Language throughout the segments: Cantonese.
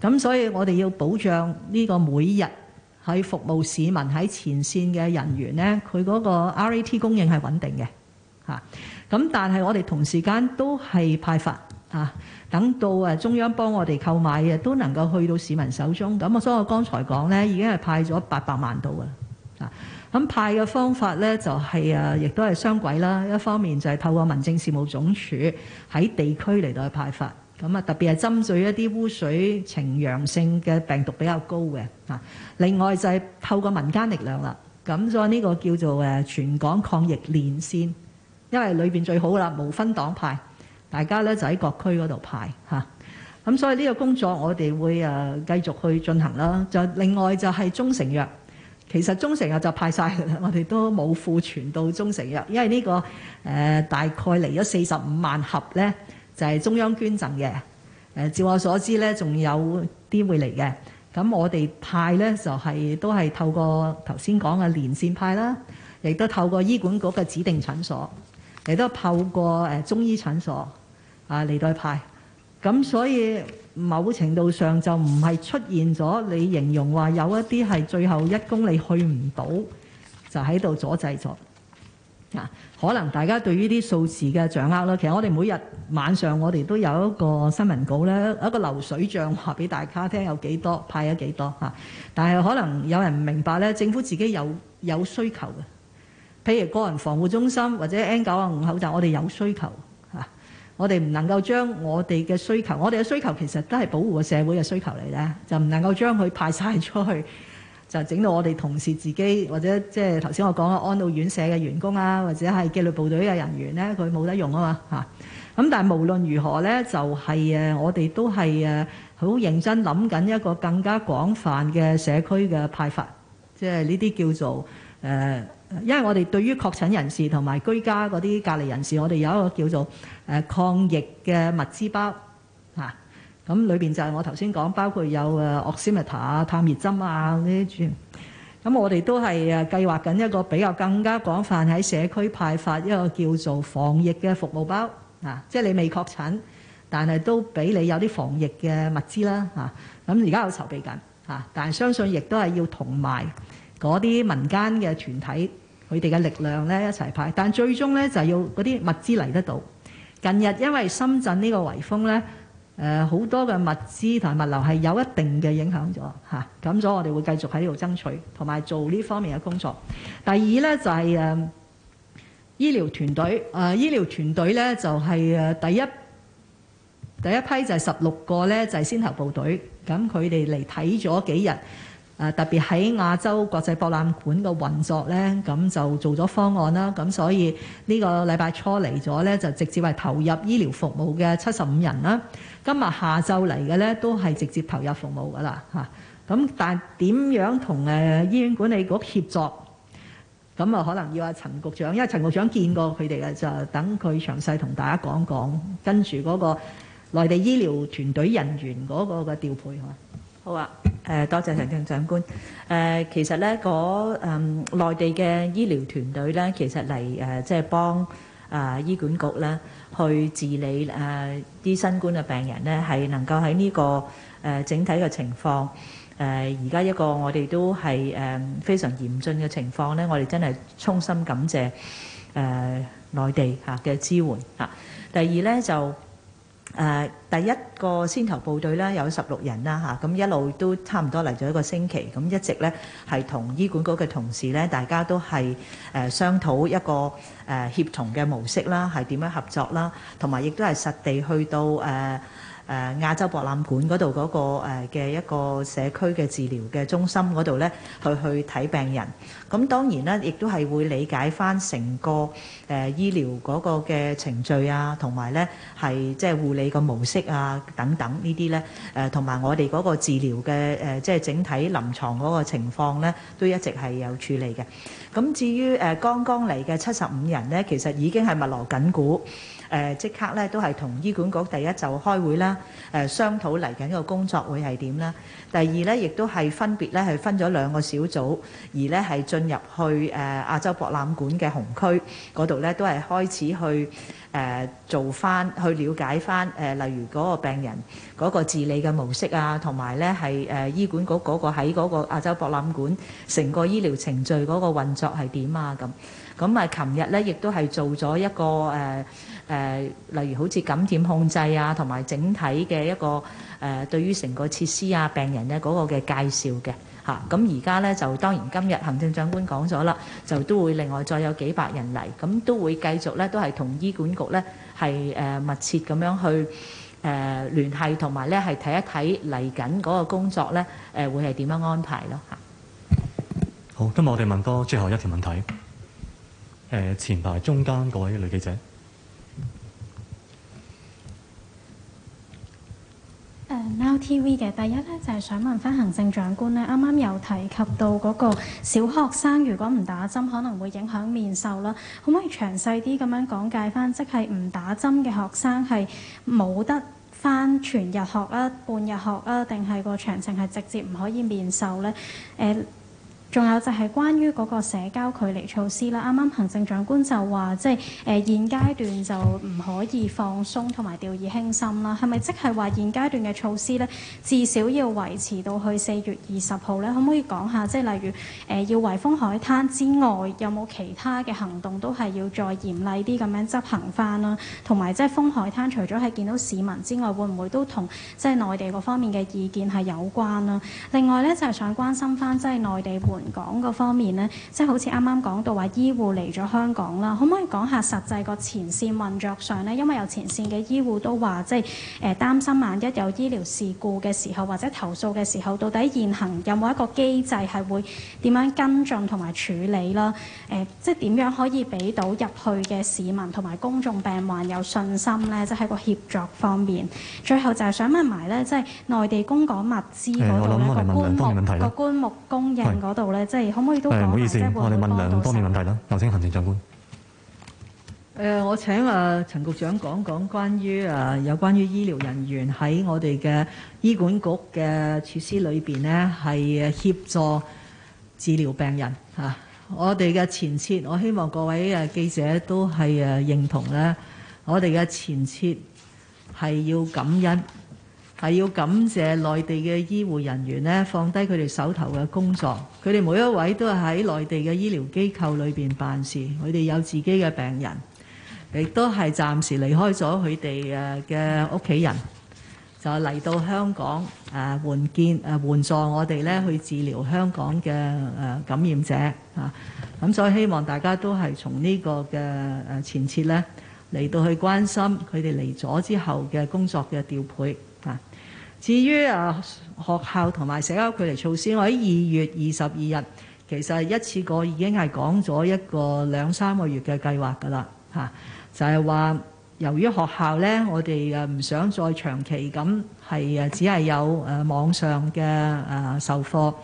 咁所以，我哋要保障呢個每日喺服務市民喺前線嘅人員呢，佢嗰個 RAT 供應係穩定嘅嚇。咁、啊、但係我哋同時間都係派發啊，等到啊中央幫我哋購買嘅，都能夠去到市民手中。咁、啊、我所以我剛才講呢，已經係派咗八百萬度嘅啊。咁、啊、派嘅方法呢、就係，就、啊、係亦都係雙軌啦。一方面就係透過民政事務總署喺地區嚟到去派發。咁啊，特別係針對一啲污水呈陽性嘅病毒比較高嘅嚇。另外就係透過民間力量啦，咁所以呢個叫做誒全港抗疫連線，因為裏邊最好啦，無分黨派，大家咧就喺各區嗰度派嚇。咁所以呢個工作我哋會誒繼續去進行啦。就另外就係中成藥，其實中成藥就派晒嘅啦，我哋都冇庫存到中成藥，因為呢個誒大概嚟咗四十五萬盒咧。就係中央捐贈嘅，誒、啊、照我所知咧，仲有啲會嚟嘅。咁我哋派咧就係、是、都係透過頭先講嘅連線派啦，亦、啊、都透過醫管局嘅指定診所，亦都透過誒中醫診所啊嚟代派。咁所以某程度上就唔係出現咗你形容話有一啲係最後一公里去唔到，就喺度阻滯咗。嗱，可能大家對於啲數字嘅掌握咧，其實我哋每日晚上我哋都有一個新聞稿咧，一個流水帳話俾大家聽，有幾多派咗幾多吓，但係可能有人唔明白咧，政府自己有有需求嘅，譬如個人防護中心或者 N 九五口罩，我哋有需求吓，我哋唔能夠將我哋嘅需求，我哋嘅需求其實都係保護個社會嘅需求嚟咧，就唔能夠將佢派晒出去。就整到我哋同事自己或者即係頭先我講嘅安老院社嘅員工啊，或者係紀律部隊嘅人員咧，佢冇得用啊嘛吓、咁、啊、但係無論如何咧就係誒，我哋都係誒，好認真諗緊一個更加廣泛嘅社區嘅派發，即係呢啲叫做誒、呃，因為我哋對於確診人士同埋居家嗰啲隔離人士，我哋有一個叫做誒、呃、抗疫嘅物資包吓。啊咁裏面就係我頭先講，包括有誒 Oximeter 啊、探熱針啊呢啲。咁我哋都係誒計劃緊一個比較更加廣泛喺社區派發一個叫做防疫嘅服務包啊，即係你未確診，但係都俾你有啲防疫嘅物資啦。咁而家有籌備緊，但係相信亦都係要同埋嗰啲民間嘅團體佢哋嘅力量咧一齊派，但最終咧就要嗰啲物資嚟得到。近日因為深圳呢個圍封咧。誒好、呃、多嘅物資同埋物流係有一定嘅影響咗嚇，咁、啊、所以我哋會繼續喺呢度爭取同埋做呢方面嘅工作。第二呢，就係、是、誒、呃、醫療團隊，誒、呃、醫療團隊呢，就係、是、第一第一批就係十六個呢就係、是、先頭部隊，咁佢哋嚟睇咗幾日、呃、特別喺亞洲國際博覽館嘅運作呢，咁就做咗方案啦。咁所以呢個禮拜初嚟咗呢，就直接係投入醫療服務嘅七十五人啦。今日下晝嚟嘅咧，都係直接投入服務噶啦，咁但係點樣同誒、啊、醫院管理局協作？咁啊，啊，可能要阿陳局長，因為陳局長見過佢哋嘅，就等佢詳細同大家講講，跟住嗰個內地醫療團隊人員嗰個嘅調配好，好啊，呃、多謝行政長官。呃、其實咧，嗰誒、呃、內地嘅醫療團隊咧，其實嚟誒即係幫。啊，醫管局咧去治理誒啲新冠嘅病人咧，係能夠喺呢個誒整體嘅情況誒，而家一個我哋都係誒非常嚴峻嘅情況咧，我哋真係衷心感謝誒內地嚇嘅支援嚇。第二咧就。呃、第一個先頭部隊咧有十六人啦嚇，咁一路都差唔多嚟咗一個星期，咁一直咧係同醫管局嘅同事咧，大家都係誒、呃、商討一個、呃、協同嘅模式啦，係點樣合作啦，同埋亦都係實地去到、呃誒、呃、亞洲博覽館嗰度嗰個嘅、呃、一個社區嘅治療嘅中心嗰度呢，去去睇病人。咁當然呢亦都係會理解翻成個誒、呃、醫療嗰個嘅程序啊，同埋呢係即係護理個模式啊等等呢啲呢，同、呃、埋我哋嗰個治療嘅即係整體臨床嗰個情況呢，都一直係有處理嘅。咁至於誒、呃、剛剛嚟嘅七十五人呢，其實已經係密鑼緊鼓。誒即、呃、刻咧都係同醫管局第一就開會啦，誒、呃、商討嚟緊個工作會係點啦。第二咧，亦都係分別咧係分咗兩個小組，而呢係進入去誒、呃、亞洲博覽館嘅紅區嗰度呢都係開始去誒、呃、做翻去了解翻誒、呃，例如嗰個病人嗰個治理嘅模式啊，同埋呢係誒、呃、醫管局嗰個喺嗰個亞洲博覽館成個醫療程序嗰個運作係點啊咁。咁咪琴日呢亦都係做咗一個誒、呃誒、呃，例如好似感染控制啊，同埋整體嘅一個誒、呃，對於成個設施啊、病人嘅嗰個嘅介紹嘅吓，咁而家咧就當然今日行政長官講咗啦，就都會另外再有幾百人嚟，咁都會繼續咧都係同醫管局咧係誒密切咁樣去誒、呃、聯繫同埋咧係睇一睇嚟緊嗰個工作咧誒會係點樣安排咯吓。好，今日我哋問多最後一條問題，誒、呃、前排中間嗰位女記者。TV 嘅第一咧就係、是、想問翻行政長官咧，啱啱有提及到嗰個小學生如果唔打針，可能會影響面授啦，可唔可以詳細啲咁樣講解翻，即係唔打針嘅學生係冇得翻全日學啦、半日學啦，定係個詳情係直接唔可以面授呢？誒、呃。仲有就係關於嗰個社交距離措施啦，啱啱行政長官就話即係誒現階段就唔可以放鬆同埋掉以輕心啦。係咪即係話現階段嘅措施咧，至少要維持到去四月二十號咧？可唔可以講下，即係例如誒要圍封海灘之外，有冇其他嘅行動都係要再嚴厲啲咁樣執行翻啦？同埋即係封海灘除咗係見到市民之外，會唔會都同即係內地嗰方面嘅意見係有關啦？另外咧就係想關心翻，即係內地活動、港個方面呢，即係好似啱啱講到話醫護嚟咗香港啦，可唔可以講下實際個前線運作上呢？因為有前線嘅醫護都話，即係誒擔心萬一有醫療事故嘅時候，或者投訴嘅時候，到底現行有冇一個機制係會點樣跟進同埋處理啦？誒、呃，即係點樣可以俾到入去嘅市民同埋公眾病患有信心呢？即係喺個協作方面。最後就係想問埋呢，即係內地供港物資嗰、嗯、個棺木，個棺木供應嗰度。即係可唔可以都？唔好意思，會會我哋問兩方面問題啦。有請行政長官。誒、呃，我請誒、呃、陳局長講講關於誒、呃、有關於醫療人員喺我哋嘅醫管局嘅措施裏邊呢，係協助治療病人嚇、啊。我哋嘅前設，我希望各位誒記者都係誒認同咧、啊。我哋嘅前設係要感恩。係要感謝內地嘅醫護人員咧，放低佢哋手頭嘅工作，佢哋每一位都係喺內地嘅醫療機構裏邊辦事，佢哋有自己嘅病人，亦都係暫時離開咗佢哋嘅屋企人，就嚟到香港誒、啊、援建誒、啊、援助我哋咧去治療香港嘅誒、啊、感染者啊！咁所以希望大家都係從呢個嘅誒前設咧嚟到去關心佢哋嚟咗之後嘅工作嘅調配啊！至於啊學校同埋社交距離措施，我喺二月二十二日其實一次過已經係講咗一個兩三個月嘅計劃㗎啦嚇，就係話由於學校呢，我哋誒唔想再長期咁係誒只係有誒網上嘅誒授課，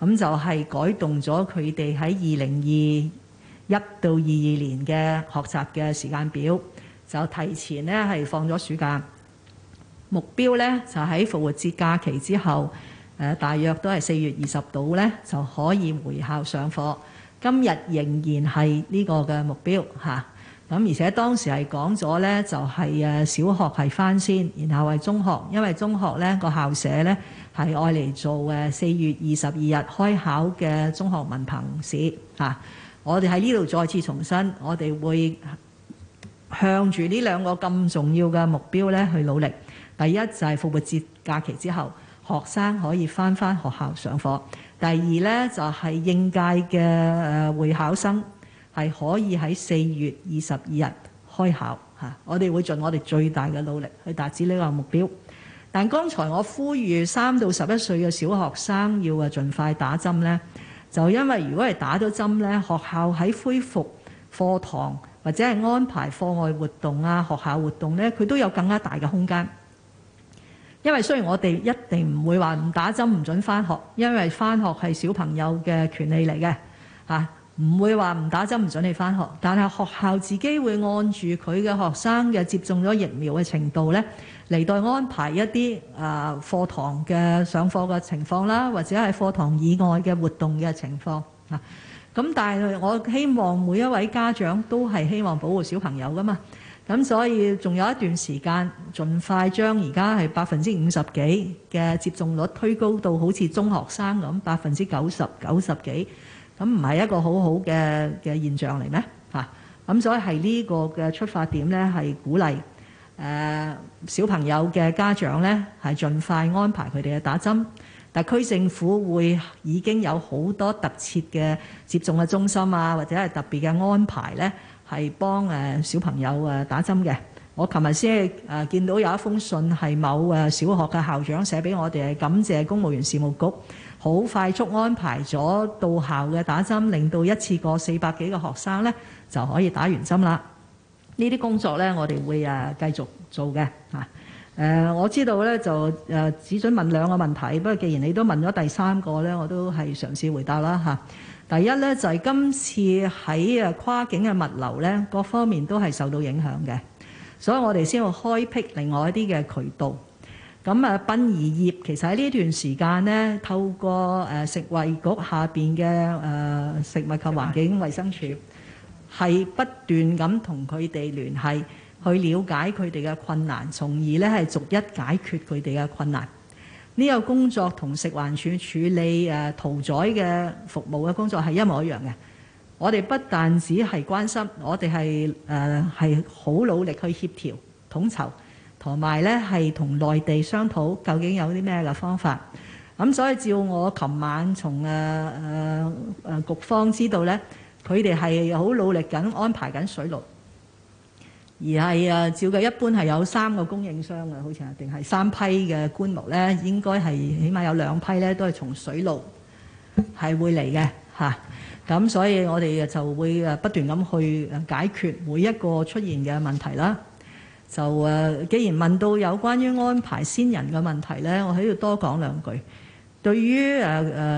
咁就係改動咗佢哋喺二零二一到二二年嘅學習嘅時間表，就提前呢係放咗暑假。目標呢，就喺復活節假期之後，啊、大約都係四月二十度呢，就可以回校上課。今日仍然係呢個嘅目標吓、咁、而且當時係講咗呢，就係、誒、小學係翻先，然後係中學，因為中學呢個校舍呢，係愛嚟做四月二十二日開考嘅中學文憑試、吓、我哋喺呢度再次重申，我哋會向住呢兩個咁重要嘅目標呢去努力。第一就係、是、復活節假期之後，學生可以翻翻學校上課。第二呢，就係、是、應屆嘅誒會考生係可以喺四月二十二日開考吓。我哋會盡我哋最大嘅努力去達至呢個目標。但剛才我呼籲三到十一歲嘅小學生要啊盡快打針呢，就因為如果係打咗針呢，學校喺恢復課堂或者係安排課外活動啊、學校活動呢，佢都有更加大嘅空間。因為雖然我哋一定唔會話唔打針唔準返學，因為返學係小朋友嘅權利嚟嘅，吓，唔會話唔打針唔準你返學。但係學校自己會按住佢嘅學生嘅接種咗疫苗嘅程度咧，嚟到安排一啲誒課堂嘅上課嘅情況啦，或者係課堂以外嘅活動嘅情況吓。咁但係我希望每一位家長都係希望保護小朋友㗎嘛。咁所以仲有一段時間，盡快將而家係百分之五十幾嘅接種率推高到好似中學生咁，百分之九十九十幾，咁唔係一個好好嘅嘅現象嚟咩？吓、啊，咁所以係呢個嘅出發點咧，係鼓勵誒、呃、小朋友嘅家長咧，係盡快安排佢哋嘅打針。特區政府會已經有好多特設嘅接種嘅中心啊，或者係特別嘅安排咧。係幫誒小朋友誒打針嘅。我琴日先誒見到有一封信係某誒小學嘅校長寫俾我哋，感謝公務員事務局好快速安排咗到校嘅打針，令到一次過四百幾個學生咧就可以打完針啦。呢啲工作呢，我哋會誒繼續做嘅嚇。誒、呃、我知道呢，就誒只准問兩個問題，不過既然你都問咗第三個呢，我都係嘗試回答啦嚇。第一咧就係、是、今次喺誒跨境嘅物流咧，各方面都係受到影響嘅，所以我哋先會開闢另外一啲嘅渠道。咁誒，殯儀業其實喺呢段時間咧，透過誒食衞局下邊嘅誒食物及環境衞生署，係不斷咁同佢哋聯繫，去了解佢哋嘅困難，從而咧係逐一解決佢哋嘅困難。呢個工作同食環署處理誒屠、啊、宰嘅服務嘅工作係一模一樣嘅。我哋不但只係關心，我哋係誒係好努力去協調統籌，同埋咧係同內地商討究竟有啲咩嘅方法。咁所以照我琴晚從誒誒誒局方知道咧，佢哋係好努力緊安排緊水路。而係誒，照計一般係有三個供應商嘅，好似啊，定係三批嘅棺木咧，應該係起碼有兩批咧，都係從水路係會嚟嘅嚇。咁、啊、所以我哋就會誒不斷咁去解決每一個出現嘅問題啦。就誒、啊，既然問到有關於安排先人嘅問題咧，我喺度多講兩句。對於誒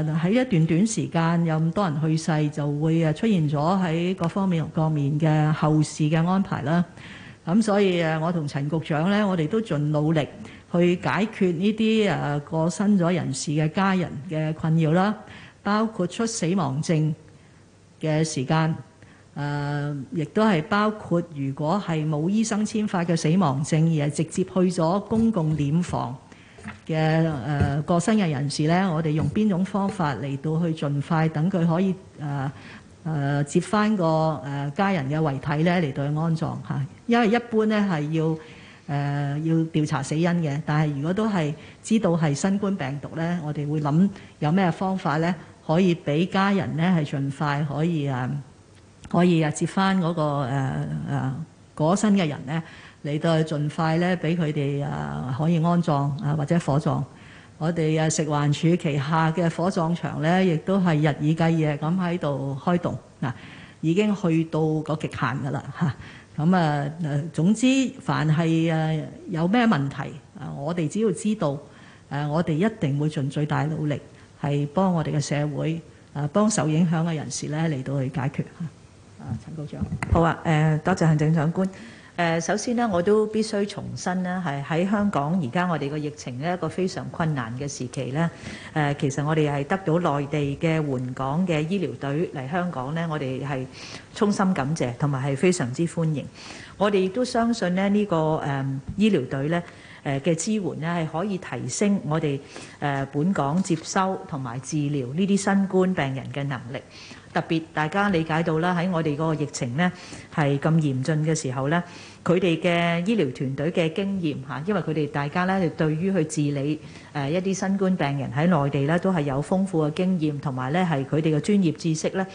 誒喺一段短時間有咁多人去世，就會誒出現咗喺各方面各面嘅後事嘅安排啦。咁所以誒，我同陳局長咧，我哋都盡努力去解決呢啲誒過身咗人士嘅家人嘅困擾啦，包括出死亡證嘅時間，誒亦都係包括如果係冇醫生簽發嘅死亡證，而係直接去咗公共殮房。嘅誒、呃、過身嘅人士咧，我哋用邊種方法嚟到去盡快等佢可以誒誒、呃呃、接翻個誒家人嘅遺體咧嚟到去安葬吓，因為一般咧係要誒、呃、要調查死因嘅，但係如果都係知道係新冠病毒咧，我哋會諗有咩方法咧可以俾家人咧係盡快可以啊可以接、那個、啊接翻嗰個誒過身嘅人咧。嚟到去盡快咧，俾佢哋啊可以安葬啊，或者火葬。我哋啊食環署旗下嘅火葬場咧，亦都係日以繼夜咁喺度開動嗱，已經去到個極限噶啦嚇。咁啊，總之凡係啊有咩問題啊，我哋只要知道誒，我哋一定會盡最大努力係幫我哋嘅社會啊，幫受影響嘅人士咧嚟到去解決嚇。啊，陳局長，好啊，誒，多謝行政長官。誒，首先呢，我都必須重申呢，係喺香港而家我哋個疫情呢，一個非常困難嘅時期呢，誒，其實我哋係得到內地嘅援港嘅醫療隊嚟香港呢，我哋係衷心感謝，同埋係非常之歡迎。我哋亦都相信呢、這個，呢個誒醫療隊呢誒嘅支援呢，係可以提升我哋誒本港接收同埋治療呢啲新冠病人嘅能力。特別大家理解到啦，喺我哋嗰個疫情呢，係咁嚴峻嘅時候呢，佢哋嘅醫療團隊嘅經驗嚇，因為佢哋大家呢，係對於去治理誒一啲新冠病人喺內地呢，都係有豐富嘅經驗，同埋呢係佢哋嘅專業知識呢，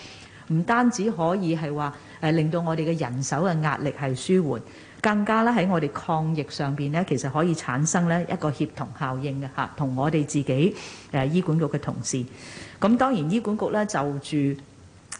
唔單止可以係話誒令到我哋嘅人手嘅壓力係舒緩，更加咧喺我哋抗疫上面呢，其實可以產生呢一個協同效應嘅嚇，同我哋自己誒醫管局嘅同事。咁當然醫管局呢，就住。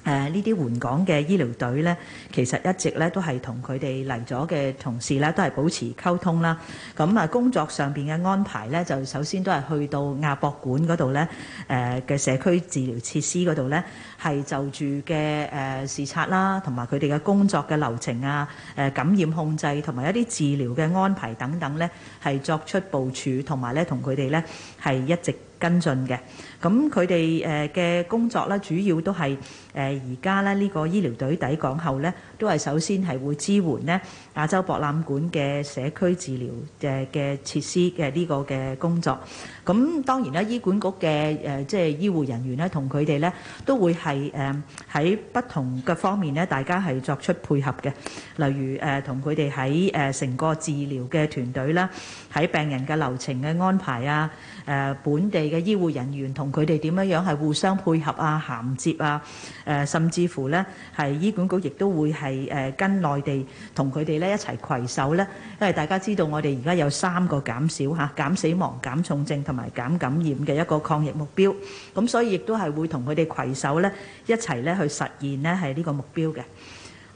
誒呢啲援港嘅醫療隊呢，其實一直呢都係同佢哋嚟咗嘅同事呢都係保持溝通啦。咁、嗯、啊，工作上面嘅安排呢，就首先都係去到亞博館嗰度呢嘅、呃、社區治療設施嗰度呢，係就住嘅誒、呃、視察啦，同埋佢哋嘅工作嘅流程啊、呃，感染控制同埋一啲治療嘅安排等等呢，係作出部署，同埋呢，同佢哋呢係一直。跟進嘅，咁佢哋誒嘅工作咧，主要都係誒而家咧呢個醫療隊抵港後咧。都係首先係會支援咧亞洲博覽館嘅社區治療誒嘅設施嘅呢個嘅工作。咁當然啦，醫管局嘅誒即係醫護人員咧，同佢哋咧都會係誒喺不同嘅方面咧，大家係作出配合嘅。例如誒、呃、同佢哋喺誒成個治療嘅團隊啦，喺病人嘅流程嘅安排啊，誒、呃、本地嘅醫護人員同佢哋點樣樣係互相配合啊、銜接啊，誒、呃、甚至乎咧係醫管局亦都會係。係誒跟內地同佢哋咧一齊攜手咧，因為大家知道我哋而家有三個減少嚇，減死亡、減重症同埋減感染嘅一個抗疫目標，咁所以亦都係會同佢哋攜手咧一齊咧去實現咧係呢個目標嘅。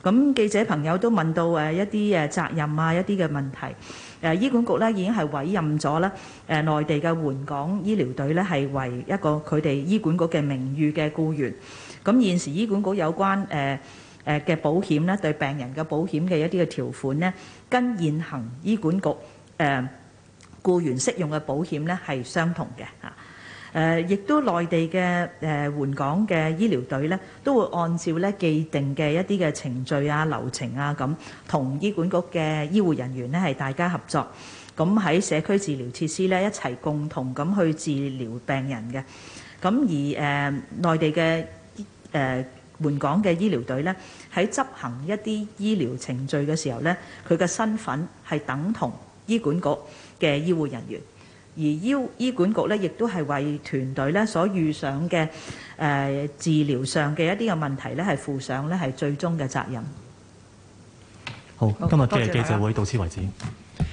咁記者朋友都問到誒一啲誒責任啊，一啲嘅問題，誒醫管局咧已經係委任咗啦誒內地嘅援港醫療隊咧係為一個佢哋醫管局嘅名譽嘅僱員，咁現時醫管局有關誒。誒嘅保險咧，對病人嘅保險嘅一啲嘅條款咧，跟現行醫管局誒、呃、僱員適用嘅保險咧係相同嘅嚇。誒、呃，亦都內地嘅誒援港嘅醫療隊咧，都會按照咧既定嘅一啲嘅程序啊、流程啊咁，同醫管局嘅醫護人員咧係大家合作，咁喺社區治療設施咧一齊共同咁去治療病人嘅。咁而誒、呃、內地嘅誒。呃援港嘅醫療隊呢，喺執行一啲醫療程序嘅時候呢，佢嘅身份係等同醫管局嘅醫護人員，而醫醫管局呢，亦都係為團隊呢所遇上嘅誒治療上嘅一啲嘅問題呢，係負上呢係最終嘅責任。好，今日嘅記者會到此為止。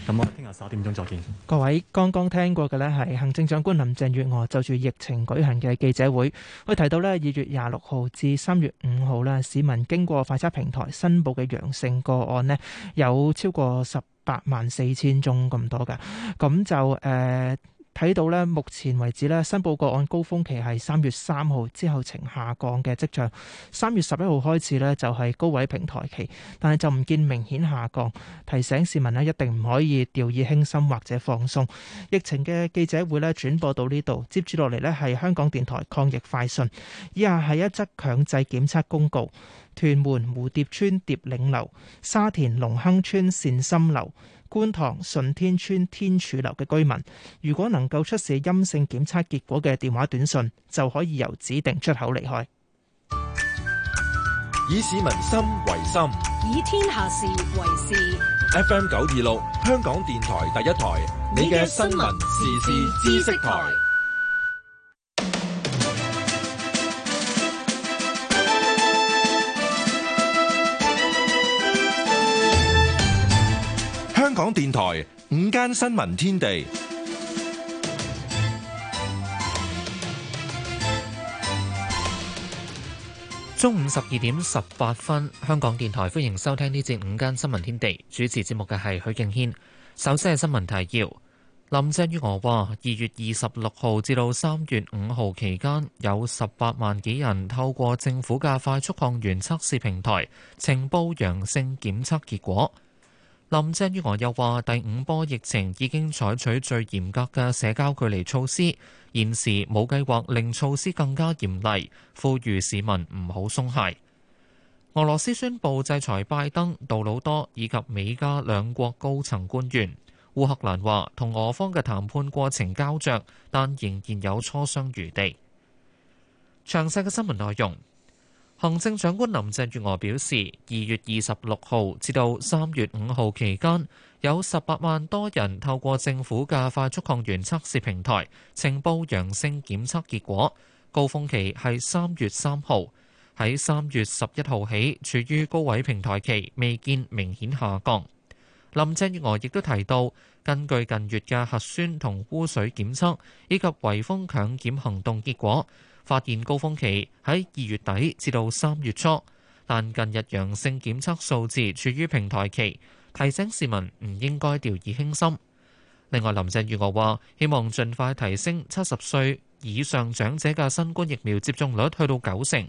咁我聽日十點鐘再見。各位剛剛聽過嘅咧，係行政長官林鄭月娥就住疫情舉行嘅記者會，佢提到咧二月廿六號至三月五號咧，市民經過快測平台申報嘅陽性個案呢，有超過十八萬四千宗咁多㗎，咁就誒。呃睇到呢，目前為止呢，申報個案高峰期係三月三號之後呈下降嘅跡象。三月十一號開始呢，就係高位平台期，但係就唔見明顯下降。提醒市民咧，一定唔可以掉以輕心或者放鬆。疫情嘅記者會咧，轉播到呢度。接住落嚟呢係香港電台抗疫快訊。以下係一則強制檢測公告：屯門蝴蝶村蝶嶺樓、沙田龍亨村善心樓。觀塘順天村天柱樓嘅居民，如果能夠出示陰性檢測結果嘅電話短信，就可以由指定出口離開。以市民心為心，以天下事為事。FM 九二六，香港電台第一台，你嘅新聞時事知識台。香港電台午間新聞天地，中午十二點十八分，香港電台，歡迎收聽呢節午間新聞天地。主持節目嘅係許敬軒。首先係新聞提要：林鄭月娥話，二月二十六號至到三月五號期間，有十八萬幾人透過政府嘅快速抗原測試平台呈報陽性檢測結果。林鄭月娥又話：第五波疫情已經採取最嚴格嘅社交距離措施，現時冇計劃令措施更加嚴厲，呼籲市民唔好鬆懈。俄羅斯宣布制裁拜登、杜魯多以及美加兩國高層官員。烏克蘭話同俄方嘅談判過程膠着，但仍然有磋商餘地。詳細嘅新聞內容。行政長官林鄭月娥表示，二月二十六號至到三月五號期間，有十八萬多人透過政府嘅快速抗原測試平台呈報陽性檢測結果。高峯期係三月三號，喺三月十一號起處於高位平台期，未見明顯下降。林鄭月娥亦都提到，根據近月嘅核酸同污水檢測以及圍封強檢行動結果。發現高峰期喺二月底至到三月初，但近日陽性檢測數字處於平台期，提醒市民唔應該掉以輕心。另外，林鄭月娥話：希望盡快提升七十歲以上長者嘅新冠疫苗接種率，去到九成；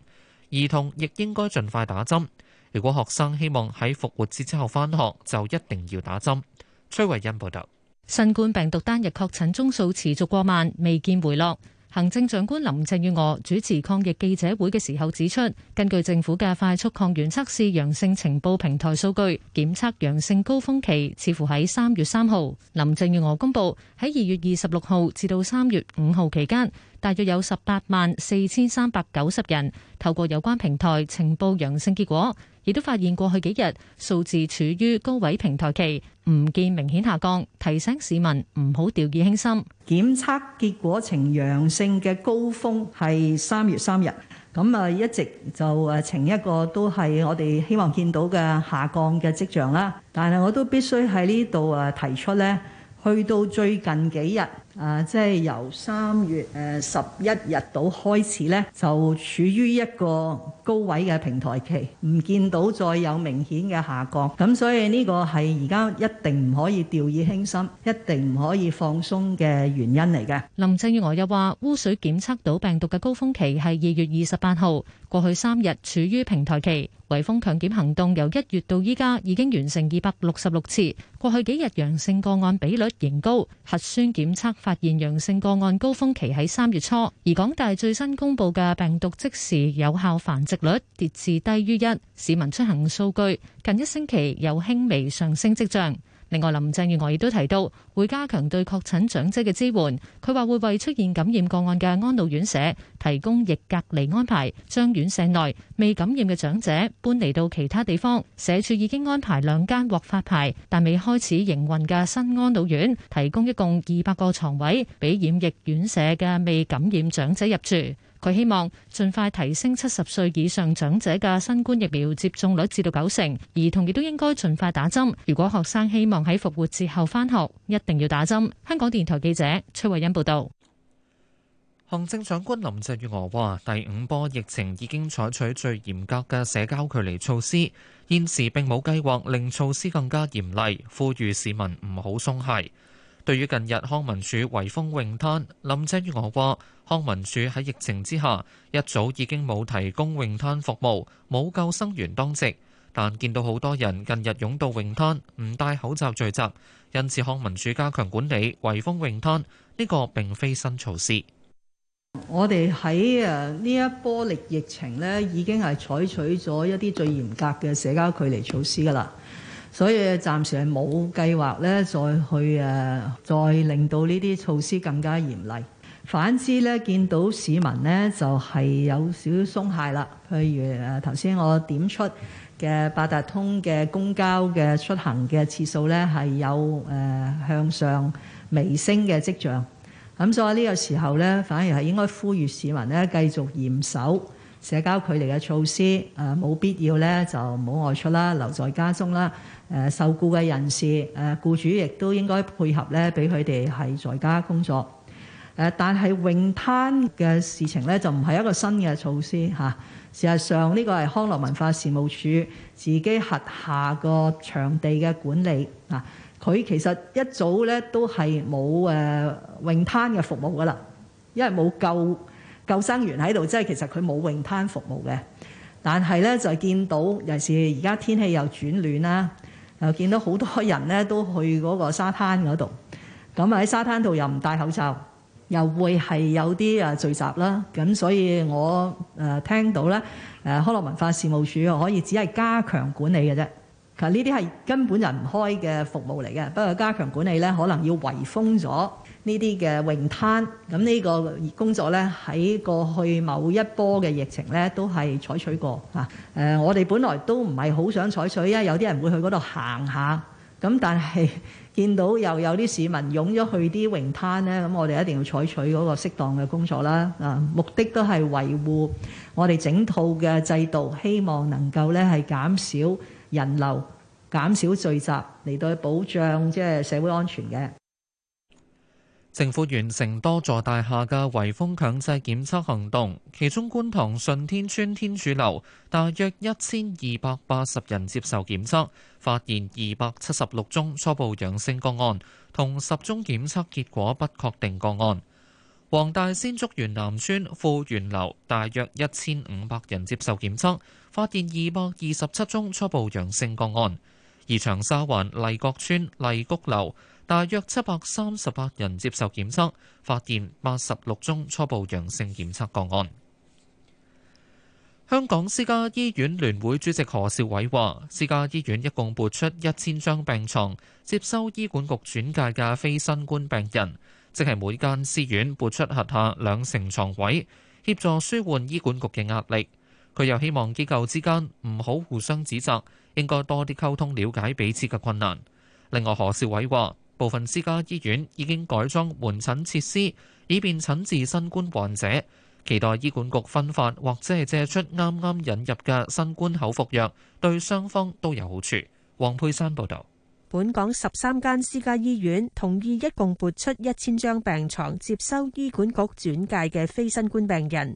兒童亦應該盡快打針。如果學生希望喺復活節之後翻學，就一定要打針。崔維恩報道，新冠病毒單日確診宗數持續過萬，未見回落。行政長官林鄭月娥主持抗疫記者會嘅時候指出，根據政府嘅快速抗原測試陽性申報平台數據，檢測陽性高峰期似乎喺三月三號。林鄭月娥公布喺二月二十六號至到三月五號期間，大約有十八萬四千三百九十人透過有關平台申報陽性結果。亦都發現過去幾日數字處於高位平台期，唔見明顯下降，提醒市民唔好掉以輕心。檢測結果呈陽性嘅高峰係三月三日，咁啊一直就啊呈一個都係我哋希望見到嘅下降嘅跡象啦。但係我都必須喺呢度啊提出咧，去到最近幾日。啊、呃，即係由三月、呃、十一日到開始咧，就處於一個高位嘅平台期，唔見到再有明顯嘅下降。咁所以呢個係而家一定唔可以掉以輕心，一定唔可以放鬆嘅原因嚟嘅。林鄭月娥又話：污水檢測到病毒嘅高峰期係二月二十八號，過去三日處於平台期。圍封強檢行動由一月到依家已經完成二百六十六次，過去幾日陽性個案比率仍高，核酸檢測。發現陽性個案高峰期喺三月初，而港大最新公布嘅病毒即時有效繁殖率跌至低於一。市民出行數據近一星期有輕微上升跡象。另外，林鄭月娥亦都提到，會加強對確診長者嘅支援。佢話會為出現感染個案嘅安老院舍提供疫隔離安排，將院舍內未感染嘅長者搬離到其他地方。社署已經安排兩間獲發牌但未開始營運嘅新安老院，提供一共二百個床位，俾染疫院舍嘅未感染長者入住。佢希望盡快提升七十歲以上長者嘅新冠疫苗接種率至到九成，兒童亦都應該盡快打針。如果學生希望喺復活節後翻學，一定要打針。香港電台記者崔慧欣報道。行政長官林鄭月娥話，第五波疫情已經採取最嚴格嘅社交距離措施，現時並冇計劃令措施更加嚴厲，呼籲市民唔好鬆懈。對於近日康文署圍封泳灘，林鄭月娥話康文署喺疫情之下，一早已經冇提供泳灘服務，冇救生員當值。但見到好多人近日湧到泳灘，唔戴口罩聚集，因此康文署加強管理，圍封泳灘。呢、這個並非新措施。我哋喺誒呢一波力疫情呢，已經係採取咗一啲最嚴格嘅社交距離措施㗎啦。所以暫時係冇計劃咧，再去誒，再令到呢啲措施更加嚴厲。反之咧，見到市民咧就係有少少鬆懈啦。譬如誒，頭先我點出嘅八達通嘅公交嘅出行嘅次數咧，係有誒向上微升嘅跡象。咁所以呢個時候咧，反而係應該呼籲市民咧繼續嚴守。社交距離嘅措施，冇、啊、必要咧就唔好外出啦，留在家中啦、啊。受雇嘅人士，誒、啊、僱主亦都應該配合咧，俾佢哋係在家工作。啊、但係泳灘嘅事情咧就唔係一個新嘅措施、啊、事實上呢個係康樂文化事務署自己轄下個場地嘅管理啊。佢其實一早咧都係冇、啊、泳灘嘅服務噶啦，因為冇夠。救生員喺度，即係其實佢冇泳灘服務嘅。但係呢，就見到尤其是而家天氣又轉暖啦，又見到好多人呢都去嗰個沙灘嗰度。咁啊喺沙灘度又唔戴口罩，又會係有啲啊聚集啦。咁所以我誒、呃、聽到呢，誒康樂文化事務署可以只係加強管理嘅啫。其實呢啲係根本就唔開嘅服務嚟嘅，不過加強管理呢，可能要圍封咗。呢啲嘅泳灘，咁呢個工作呢，喺過去某一波嘅疫情呢，都係採取過吓、呃。我哋本來都唔係好想採取，有啲人會去嗰度行下。咁但係見到又有啲市民湧咗去啲泳灘呢，咁我哋一定要採取嗰個適當嘅工作啦。啊，目的都係維護我哋整套嘅制度，希望能夠呢係減少人流、減少聚集，嚟到保障即係、就是、社會安全嘅。政府完成多座大廈嘅圍封強制檢測行動，其中觀塘順天邨天柱樓大約一千二百八十人接受檢測，發現二百七十六宗初步陽性個案，同十宗檢測結果不確定個案。黃大仙竹園南邨富源樓大約一千五百人接受檢測，發現二百二十七宗初步陽性個案，而長沙灣麗閣邨麗菊樓，大約七百三十八人接受檢測，發現八十六宗初步陽性檢測個案。香港私家醫院聯會主席何兆煒話，私家醫院一共撥出一千張病床，接收醫管局轉介嘅非新冠病人，即係每間私院撥出轄下兩成床位，協助舒緩醫管局嘅壓力。佢又希望機構之間唔好互相指責，應該多啲溝通，了解彼此嘅困難。另外何兆，何兆煒話。部分私家醫院已經改裝門診設施，以便診治新冠患者。期待醫管局分發或者係借出啱啱引入嘅新冠口服藥，對雙方都有好處。黃佩珊報導，本港十三間私家醫院同意一共撥出一千張病床，接收醫管局轉介嘅非新冠病人。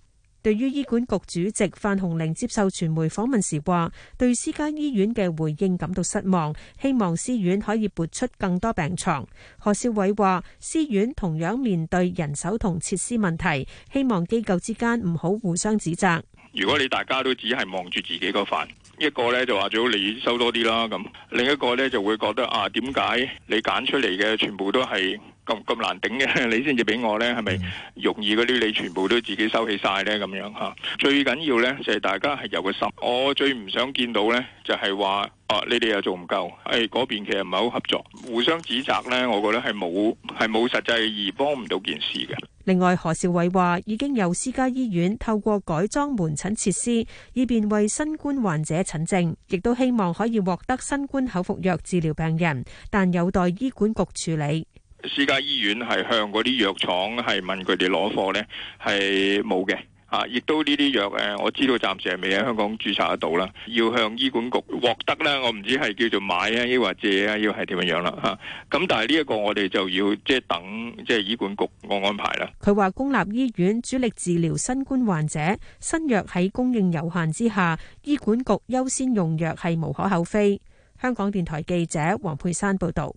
對於醫管局主席范鴻齡接受傳媒訪問時話，對私家醫院嘅回應感到失望，希望私院可以撥出更多病床。何少偉話，私院同樣面對人手同設施問題，希望機構之間唔好互相指責。如果你大家都只係望住自己個飯，一個咧就話最好你收多啲啦，咁另一個咧就會覺得啊，點解你揀出嚟嘅全部都係？咁咁難頂嘅，你先至俾我呢？係咪容易嗰啲？你全部都自己收起晒呢？咁樣吓。最緊要呢，就係大家係有個心。我最唔想見到呢，就係話啊，你哋又做唔夠，誒嗰邊其實唔係好合作，互相指責呢，我覺得係冇係冇實際意義幫唔到件事嘅。另外，何兆偉話已經有私家醫院透過改裝門診設施，以便為新冠患者診症，亦都希望可以獲得新冠口服藥治療病人，但有待醫管局處理。私家醫院係向嗰啲藥廠係問佢哋攞貨呢，係冇嘅嚇，亦都呢啲藥誒，我知道暫時係未喺香港註冊得到啦，要向醫管局獲得呢，我唔知係叫做買啊，抑或借啊，抑或係點樣樣啦嚇。咁但係呢一個我哋就要即係等，即係醫管局我安排啦。佢話公立醫院主力治療新冠患者，新藥喺供應有限之下，醫管局優先用藥係無可厚非。香港電台記者黃佩珊報導。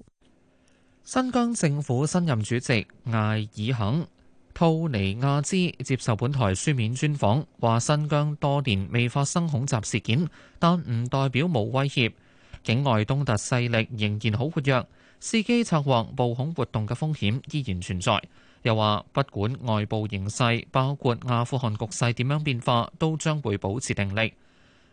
新疆政府新任主席艾爾肯·吐尼亞茲接受本台書面專訪，話新疆多年未發生恐襲事件，但唔代表冇威脅。境外東突勢力仍然好活躍，伺機策劃暴恐活動嘅風險依然存在。又話不管外部形勢，包括阿富汗局勢點樣變化，都將會保持定力。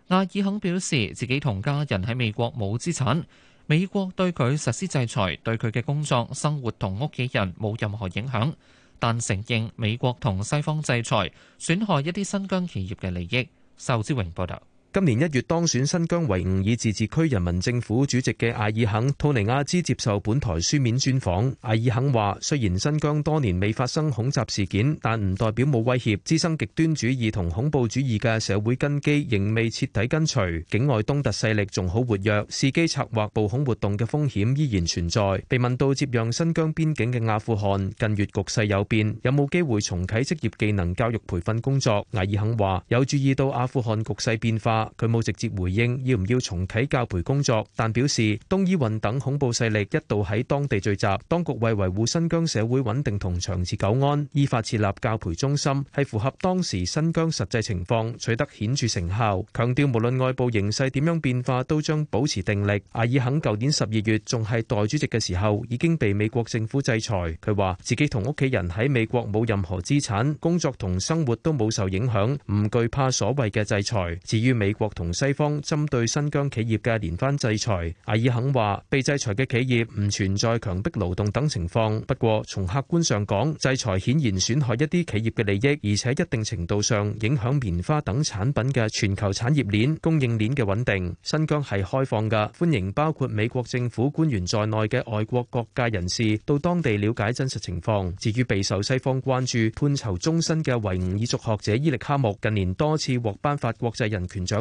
艾爾肯表示自己同家人喺美國冇資產。美國對佢實施制裁，對佢嘅工作、生活同屋企人冇任何影響，但承認美國同西方制裁損害一啲新疆企業嘅利益。仇之榮報道。今年一月當選新疆維吾爾自治區人民政府主席嘅艾爾肯·吐尼亞孜接受本台書面專訪。艾爾肯話：雖然新疆多年未發生恐襲事件，但唔代表冇威脅。滋生極端主義同恐怖主義嘅社會根基仍未徹底根除，境外東突勢力仲好活躍，伺機策劃暴恐活動嘅風險依然存在。被問到接壤新疆邊境嘅阿富汗近月局勢有變，有冇機會重啟職業技能教育培訓工作？艾爾肯話：有注意到阿富汗局勢變化。佢冇直接回應要唔要重啟教培工作，但表示東伊運等恐怖勢力一度喺當地聚集，當局為維護新疆社會穩定同長治久安，依法設立教培中心係符合當時新疆實際情況，取得顯著成效。強調無論外部形勢點樣變化，都將保持定力。艾爾肯舊年十二月仲係代主席嘅時候，已經被美國政府制裁。佢話自己同屋企人喺美國冇任何資產，工作同生活都冇受影響，唔懼怕所謂嘅制裁。至於美。美國同西方針對新疆企業嘅連番制裁，艾爾肯話，被制裁嘅企業唔存在強迫勞動等情況。不過，從客觀上講，制裁顯然損害一啲企業嘅利益，而且一定程度上影響棉花等產品嘅全球產業鏈、供應鏈嘅穩定。新疆係開放噶，歡迎包括美國政府官員在內嘅外國各界人士到當地了解真實情況。至於備受西方關注、判囚終身嘅維吾爾族學者伊力哈木，近年多次獲頒發國際人權獎，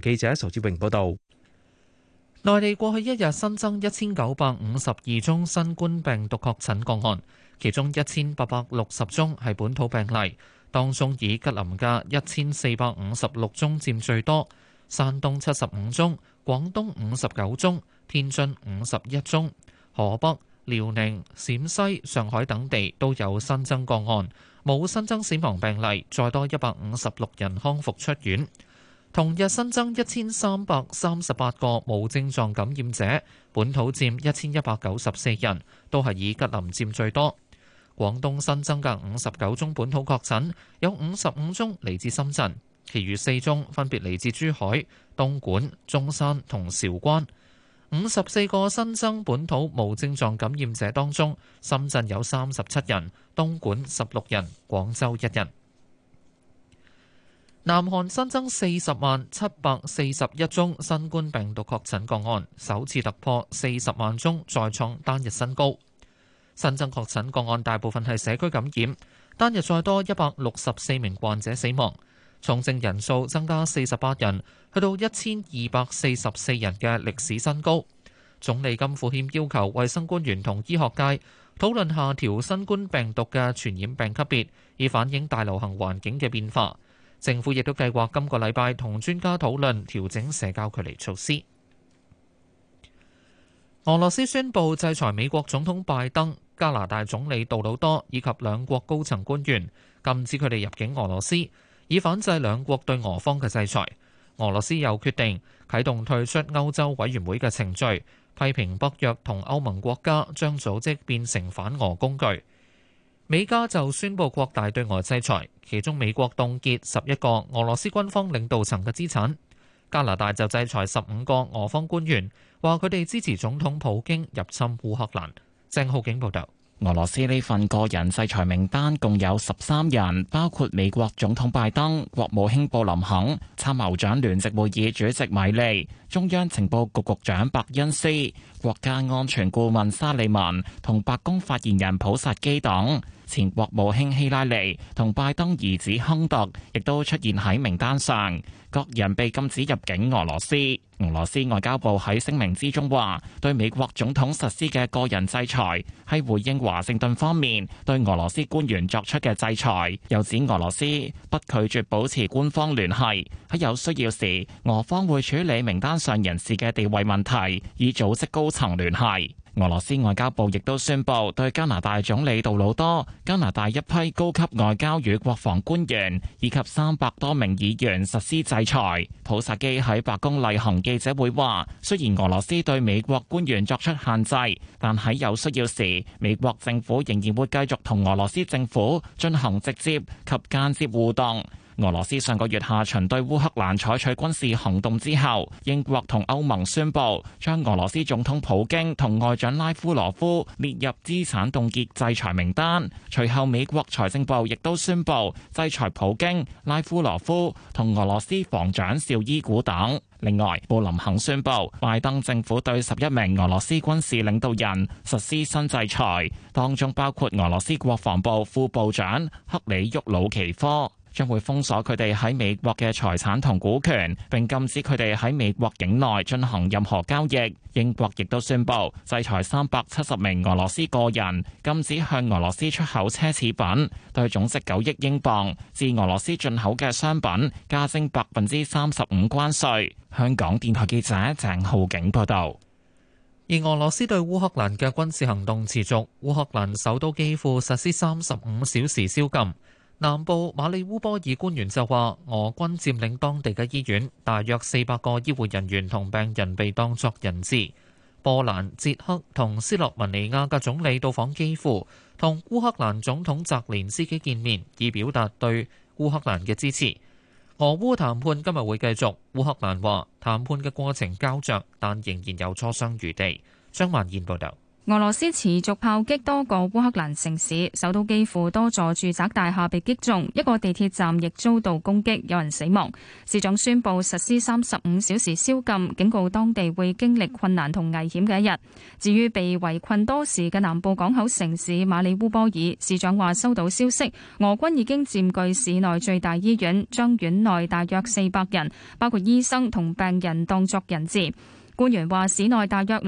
記者仇志榮報道，內地過去一日新增一千九百五十二宗新冠病毒確診個案，其中一千八百六十宗係本土病例，當中以吉林嘅一千四百五十六宗佔最多，山東七十五宗，廣東五十九宗，天津五十一宗，河北、遼寧、陝西、上海等地都有新增個案，冇新增死亡病例，再多一百五十六人康復出院。同日新增一千三百三十八個無症狀感染者，本土佔一千一百九十四人，都係以吉林佔最多。廣東新增嘅五十九宗本土確診，有五十五宗嚟自深圳，其餘四宗分別嚟自珠海、東莞、中山同韶關。五十四個新增本土無症狀感染者當中，深圳有三十七人，東莞十六人，廣州一人。南韓新增四十萬七百四十一宗新冠病毒確診個案，首次突破四十萬宗，再創單日新高。新增確診個案大部分係社區感染，單日再多一百六十四名患者死亡，重症人數增加四十八人，去到一千二百四十四人嘅歷史新高。總理金富謙要求衛生官員同醫學界討論下調新冠病毒嘅傳染病級別，以反映大流行環境嘅變化。政府亦都計劃今個禮拜同專家討論調整社交距離措施。俄羅斯宣布制裁美國總統拜登、加拿大總理杜魯多以及兩國高層官員，禁止佢哋入境俄羅斯，以反制兩國對俄方嘅制裁。俄羅斯又決定啟動退出歐洲委員會嘅程序，批評北約同歐盟國家將組織變成反俄工具。美加就宣布擴大對外制裁，其中美國凍結十一個俄羅斯軍方領導層嘅資產，加拿大就制裁十五個俄方官員，話佢哋支持總統普京入侵烏克蘭。鄭浩景報道，俄羅斯呢份個人制裁名單共有十三人，包括美國總統拜登、國務卿布林肯、參謀長聯席會議主席米利、中央情報局局長伯恩斯、國家安全顧問沙利文同白宮發言人普薩基等。前國務卿希拉里同拜登兒子亨特亦都出現喺名單上，各人被禁止入境俄羅斯。俄羅斯外交部喺聲明之中話，對美國總統實施嘅個人制裁係回應華盛頓方面對俄羅斯官員作出嘅制裁，又指俄羅斯不拒絕保持官方聯繫，喺有需要時，俄方會處理名單上人士嘅地位問題，以組織高層聯繫。俄羅斯外交部亦都宣布對加拿大總理杜魯多、加拿大一批高級外交與國防官員以及三百多名議員實施制裁。普薩基喺白宮例行記者會話：雖然俄羅斯對美國官員作出限制，但喺有需要時，美國政府仍然會繼續同俄羅斯政府進行直接及間接互動。俄羅斯上個月下旬對烏克蘭採取軍事行動之後，英國同歐盟宣布將俄羅斯總統普京同外長拉夫羅夫列入資產凍結制裁名單。隨後，美國財政部亦都宣布制裁普京、拉夫羅夫同俄羅斯防長紹伊古等。另外，布林肯宣布拜登政府對十一名俄羅斯軍事領導人實施新制裁，當中包括俄羅斯國防部副部長克里沃魯奇科。將會封鎖佢哋喺美國嘅財產同股權，並禁止佢哋喺美國境內進行任何交易。英國亦都宣佈制裁三百七十名俄羅斯個人，禁止向俄羅斯出口奢侈品，對總值九億英鎊自俄羅斯進口嘅商品加徵百分之三十五關稅。香港電台記者鄭浩景報道。而俄羅斯對烏克蘭嘅軍事行動持續，烏克蘭首都幾乎實施三十五小時宵禁。南部馬利烏波爾官員就話，俄軍佔領當地嘅醫院，大約四百個醫護人員同病人被當作人質。波蘭、捷克同斯洛文尼亞嘅總理到訪基輔，同烏克蘭總統澤連斯基見面，以表達對烏克蘭嘅支持。俄烏談判今日會繼續。烏克蘭話談判嘅過程膠着，但仍然有磋商餘地。張萬燕報道。俄羅斯持續炮擊多個烏克蘭城市，首都基輔多座住宅大廈被擊中，一個地鐵站亦遭到攻擊，有人死亡。市長宣布實施三十五小時宵禁，警告當地會經歷困難同危險嘅一日。至於被圍困多時嘅南部港口城市馬里烏波爾，市長話收到消息，俄軍已經佔據市內最大醫院，將院內大約四百人，包括醫生同病人當作人質。官員話，市內大約